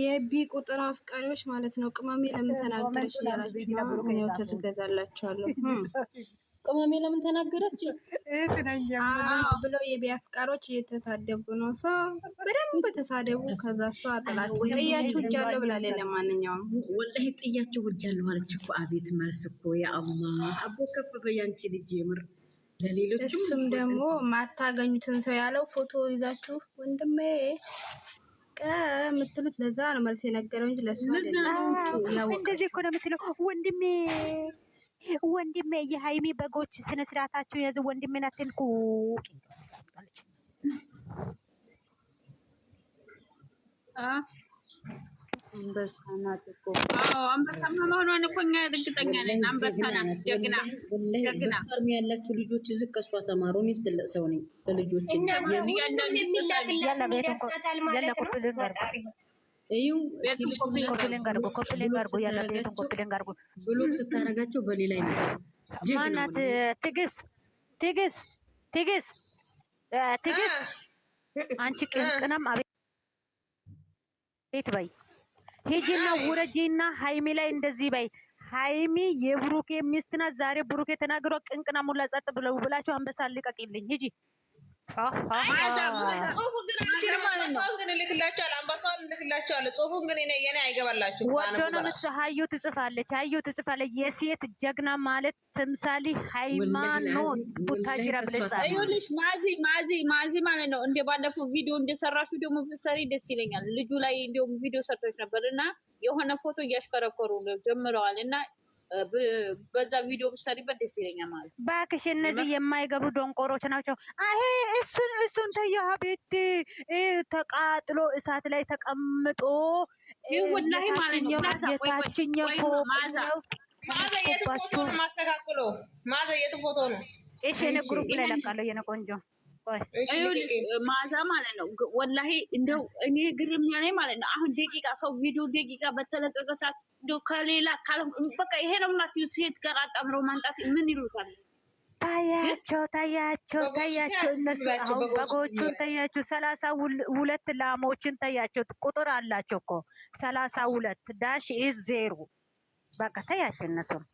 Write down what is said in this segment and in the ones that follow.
የቢ ቁጥር አፍቃሪዎች ማለት ነው። ቅመሜ ለምን ተናገረች እያላችሁ ወተት ቅመሜ ለምን ተናገረች ብለው የቢ አፍቃሪዎች እየተሳደቡ ነው። ሰው በደንብ ተሳደቡ። ከዛ ሰው አጥላት ጥያችሁ እጃለሁ ብላለ። ለማንኛውም ወላሂ ጥያችሁ እጃለሁ አለች እኮ። አቤት መልስ እኮ አቦ ከፍ በያንቺ ልጅ የምር ለሌሎችም ደግሞ ማታገኙትን ሰው ያለው ፎቶ ይዛችሁ ወንድሜ አወቀ የምትሉት ለዛ ነው መልስ የነገረው እንጂ ለሱ እንደዚህ እኮ ነው የምትለው ወንድሜ ወንድሜ የሀይሚ በጎች ስነ ስርዓታቸው የያዘ ወንድሜን አትልኩ። አንበሳና ጥቁር አንበሳማ መሆኗን እኮ እኛ እርግጠኛ ነን። አንበሳ ናት፣ ጀግና ጀግና። ፈርም ያላችሁ ልጆች እዚህ ከእሷ ተማሩ። እኔ ትልቅ ሰው ነኝ። ለልጆች ብሎክ ስታረጋቸው በሌላ ይመጣል። ማናት ትግስ ትግስ ትግስ ትግስ አንቺ ቅንቅናም አቤት በይ ሂጂና ውረጂና ሀይሚ ላይ እንደዚህ በይ። ሀይሚ የብሩኬ ሚስት ናት። ዛሬ ብሩኬ ተናግሮ ቅንቅና ሙላ ጸጥ ብለው ብላችሁ አንበሳ ልቀቂልኝ ሂጂ። ጽሁፉን ግን አንባሳውን የሴት ጀግና ማለት ተምሳሌ ሃይማኖት ቡታጅራ ብለሽ ማዚ ማዚ ማዚ ማለት ነው። እንደ ባለፈው ቪዲዮ እንደሰራሽው ደግሞ ብትሰሪ ደስ ይለኛል። ልጁ ላይ እንዲሁም ቪዲዮ ሰርቶች ነበር እና የሆነ ፎቶ እያሽከረከሩ ጀምረዋል እና በዛ ቪዲዮ ብትሰሪበት ደስ ይለኛል ማለት ነው። እባክሽ እነዚህ የማይገቡ ደንቆሮች ናቸው። አሄ እሱን እሱን ተያህ ቤት ተቃጥሎ እሳት ላይ ተቀምጦ ይሁናይ ማለት ነው። ማዘ የት ፎቶ ነው ማስተካክሎ? ማዘ የት ፎቶ ነው? እሺ እኔ ግሩፕ ላይ ለቃለሁ የኔ ቆንጆ ማዛ ማለት ነው። ወላሂ እንደው እኔ ግርም ያለኝ ማለት ነው። አሁን ደቂቃ ሰው ቪዲዮ ደቂቃ በተለቀቀ ሰዓት እንደው ከሌላ በቃ ይሄ ነው ምናምን ሴት ጋር አጣምረው ማንጣት ምን ይሉታል? ታያቸው ታያቸው ታያቸው እነሱ አሁን በጎቹን ታያቸው። ሰላሳ ሁለት ላሞችን ታያቸው። ቁጥር አላቸው እኮ ሰላሳ ሁለት ዳሽ ኢዝ ዜሮ በቃ ታያቸው እነሱም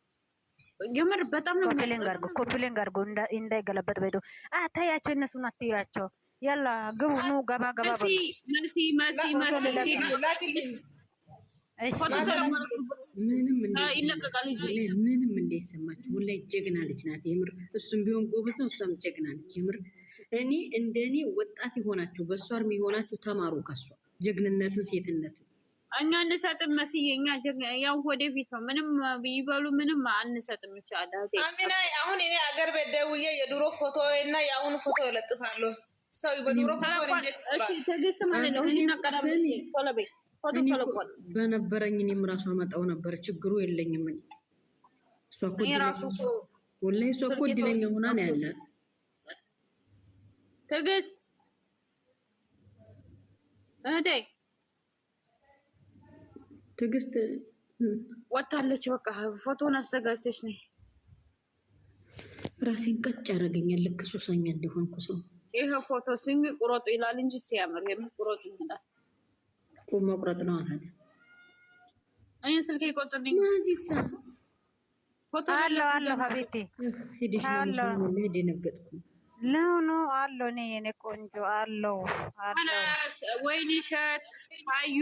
የምር በጣም ነው ኮምፕሌን አድርጎ ኮምፕሌን አድርጎ እንዳይገለበጥ በይቶ አታያቸው፣ እነሱን አትያቸው። ያላ ግቡ ኑ ገባ ገባ ምንም እንዳይሰማችሁ። ወላሂ ጀግና ልጅ ናት የምር። እሱም ቢሆን ጎበዝ ነው፣ እሷም ጀግና ልጅ የምር። እኔ እንደኔ ወጣት የሆናችሁ በእሷ እድሜ የሆናችሁ ተማሩ ከሷ ጀግንነትን ሴትነትን እኛ አንሰጥም መስዬ፣ እኛ ያው ወደፊት ነው። ምንም ይበሉ ምንም አንሰጥም። ይሻላል አሚና። አሁን እኔ አገር ቤት ደውዬ የድሮ ፎቶ እና የአሁኑ ፎቶ እለጥፋለሁ። ሰው በድሮ ፎቶ ትዕግስት ማለት ነው። በነበረኝ እኔም ራሱ አመጣው ነበረ። ችግሩ የለኝም። ወላሂ እሷ እኮ እድለኛ ሆና ነው ያለ ትዕግስት እህቴ ትዕግስት ወጥታለች። በቃ ፎቶን አዘጋጅተች ነኝ። ራሴን ቀጭ ያደረገኛል። ልክ ሱሰኛ እንደሆንኩ ሰው ይህ ፎቶ ሲንግ ቁረጡ ይላል እንጂ ሲያምር የምን ቁረጡ ይላል? ቁም መቁረጥ ነው አለ። እኔ ስልክ ይቆጥልኝ። ማዚሳ ፎቶ አለው አለው። ሀቤቴ ሄደሽ ደነገጥኩ። ነው ነው አለው። እኔ የኔ ቆንጆ አለው ወይኒ ሸት አዩ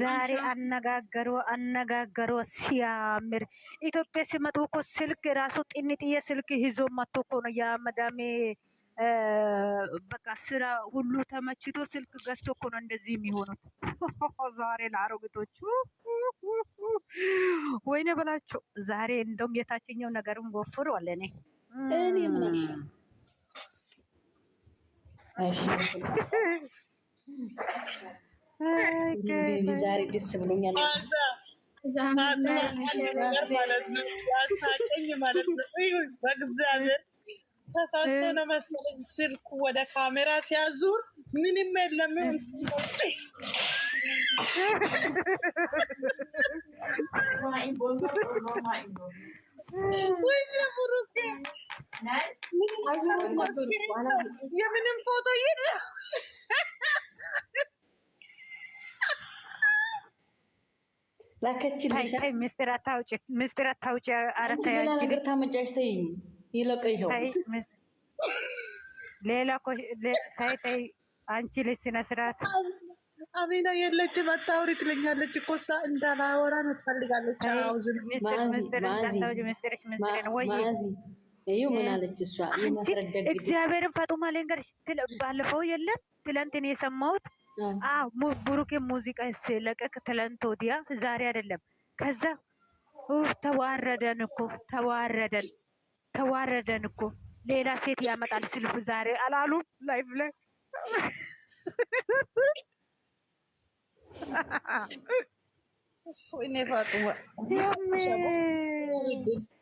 ዛሬ አነጋገሩ አነጋገሮ ሲያምር ኢትዮጵያ ሲመጡ እኮ ስልክ ራሱ ጥንጥዬ ስልክ ይዞ መጥቶ እኮ ነው የመዳሜ በቃ ስራ ሁሉ ተመችቶ ስልክ ገዝቶ እኮ ነው እንደዚህ የሚሆኑት። ዛሬ ለአሮጊቶቹ ወይኔ በላቸው። ዛሬ እንደውም የታችኛው ነገርም ወፍሯል። እኔ እኔ ምን ዛሬ ደስ ብሎኛል። ያሳቀኝ ማለት ነው። በእግዚአብሔር ተሳስቶ ነው መሰለኝ ስልኩ ወደ ካሜራ ሲያዙር ምንም የለም። ወይ ብሩኬ የምንም ፎቶ የለም። ላከችልኝ። ምስጢር አታውጪ፣ ምስጢር አታውጪ። አረታያ ነገር ታመጫሽ። ተይ ይለቀ ይኸው ሌላ ታይ ታይ። አንቺ ልጅ ስነ ስርዓት አሚና የለችም። አታውሪ ትለኛለች እኮ እሷ እንዳላወራ ነው ትፈልጋለች። ምስጢር ምስጢር እንዳታውጪ። ምስጢርሽ ምስጢር ወይ ይኸው ምን አለች እሷ የማስረዳት እግዚአብሔርን ፈጡማ ልንገርሽ፣ ባለፈው የለም ትላንትን የሰማሁት ብሩኬ ሙዚቃ ስለቀቅ ትላንት ወዲያ ዛሬ አይደለም። ከዛ ተዋረደን እኮ ተዋረደን ተዋረደን እኮ ሌላ ሴት ያመጣል ስልፍ ዛሬ አላሉ ላይፍ ላይ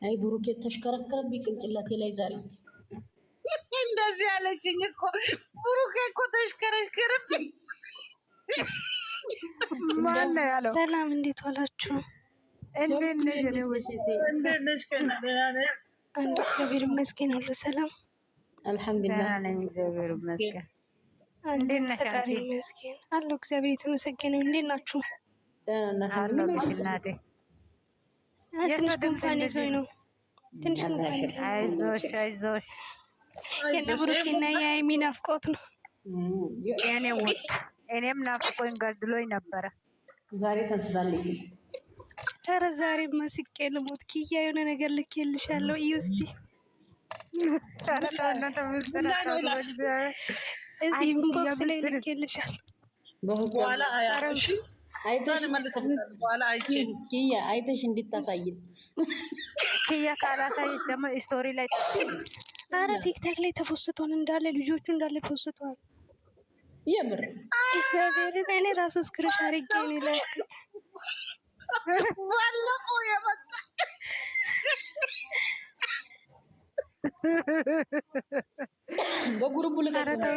አይ ብሩኬ ተሽከረከረብኝ ቅንጭላቴ ላይ ዛሬ እንደዚህ ያለችኝ እኮ ብሩኬ እኮ ተሽከረከረብኝ። ማነው ያለው? ሰላም እንዴት ዋላችሁ? እንዴት ነሽ? አንድ እግዚአብሔር ይመስገን ሁሉ ሰላም አልሐምዱሊላህ። እግዚአብሔር ይመስገን አለው። እግዚአብሔር የተመሰገነው። እንዴት ናችሁ? ትንሽ ጉንፋን ናፍቆት ነው። የኔ ውድ እኔም ናፍቆኝ ገድሎኝ ነበረ። ዛሬ ተንስላለች። ኧረ ዛሬ መስቄ ልሞት። ኪያ የሆነ ነገር ልኬልሻለሁ። እዩ እስኪ እዚህ ኢንቦክስ ላይ ልኬልሻለሁ። ኪያ አይተሽ እንድታሳይን ኪያ ካላሳየች ደግሞ ስቶሪ ላይ አረ ቲክታክ ላይ ተፎስቷል እንዳለ ልጆቹ እንዳለ ተፎስቷል። የምር እግዚአብሔር እኔ ራሱ ስክሪንሽ አድርጌ ነው ላይክ ባለፈው የመጣ በጉሩቡ ለታረታው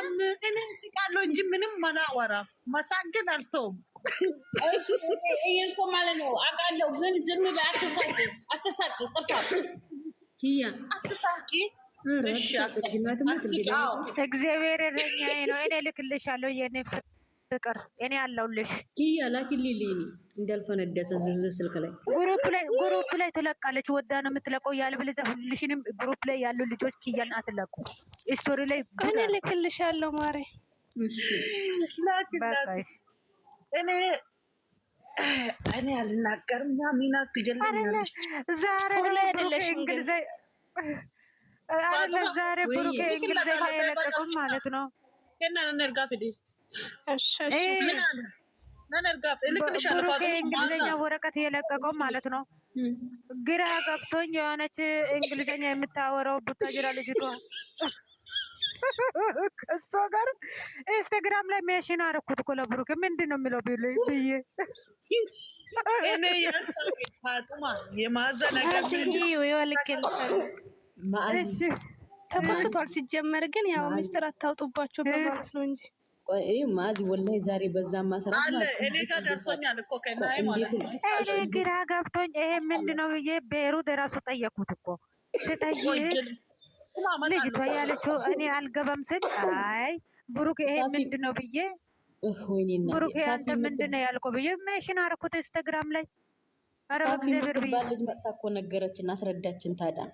እኔን ስቃለሁ እንጂ ምንም መላወራ መሳግን አልተውም። ይሄ እኮ ማለት ነው አውቃለሁ፣ ግን ዝም ብለህ አትሳቂ፣ አትሳቂ፣ ጥርሳ አትሳቂ። እግዚአብሔር እረኛዬ ነው፣ እኔ እልክልሻለሁ የኔ ፍቅር እኔ ያለውልሽ ኪያ ላኪልኝ ሊኒ እንዳልፈነደተ ዝዝ ስልክ ላይ ግሩፕ ላይ ግሩፕ ላይ ትለቃለች። ወዳ ነው የምትለቀው። ያለበለዚያ ሁልሽንም ግሩፕ ላይ ያሉ ልጆች ኪያን አትለቁ። ስቶሪ ላይ እኔ እልክልሻለሁ ማሬ እኔ እኔ አልናገርም። ሚና ትጀልኛለች ዛሬ አለ ዛሬ ብሩክ እንግሊዝኛ የለቀቁም ማለት ነው። ነርጋ ብሩኬ እንግሊዝኛ ወረቀት የለቀቀው ማለት ነው። ግራ ገብቶኝ የሆነች እንግሊዝኛ የምታወራው ቡታጅራ ልጅቷ ከእሷ ጋር ኢንስታግራም ላይ ሜሽን አደረኩት እኮ ለብሩኬ ምንድን ነው የሚለው ብዬ ተመስቷል። ሲጀመር ግን ያው ሚስጥር አታውጡባቸው በማለት ነው እንጂ ማዚ ወላሂ ዛሬ በዛ ማሰራት እኔ ጋር ደርሶኛል እኮ እኔ ግራ ገብቶኝ ይሄ ምንድን ነው ብዬ ቤሩት የራሱ ጠየኩት እኮ ስጠይቅ ልጅቷ ያለችው እኔ አልገባም ስል አይ ብሩክ ይሄ ምንድን ነው ብዬ ብሩክ አንተ ምንድን ነው ያልከው ብዬ ሜሽን አደረኩት ኢንስታግራም ላይ ኧረ በእግዚአብሔር ብዬ ልጅ መጥታ እኮ ነገረችን አስረዳችን ታዲያ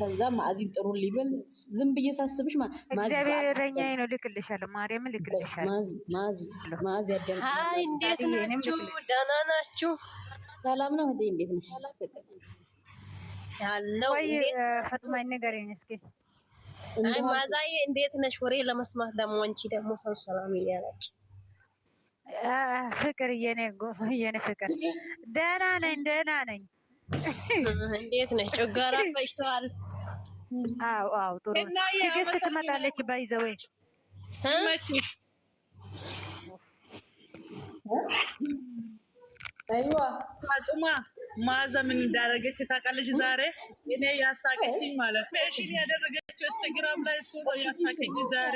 ከዛ ማዕዚን ጥሩ ሊብል ዝም ብዬ ሳስብሽ እግዚአብሔረኛ ነው። ልክልሻለሁ፣ ማርያም ልክልሻለሁ። ማዚ ያደም እንዴት ናችሁ? ደህና ናችሁ? ሰላም ነው። ህዴ እንዴት ነሽ? ያለው ፈጥማኝ ንገረኝ እስኪ። አይ ማዛዬ እንዴት ነሽ? ወሬ ለመስማት ደግሞ አንቺ ደግሞ ሰው ሰላም እያለች ፍቅር የኔ የኔ ፍቅር ደህና ነኝ፣ ደህና ነኝ። እንዴት ነሽ? ጮጋራ ፈጭተዋል። አዎ አዎ፣ ጥሩ ትግስት ትመጣለች። ባይዘዌ አይዋ ፋጡማ ማዛ ምን እንዳደረገች ታውቃለች? ዛሬ እኔ ያሳቀችኝ ማለት ነው ያደረገችው ኢንስታግራም ላይ እሱ ነው ያሳቀችኝ ዛሬ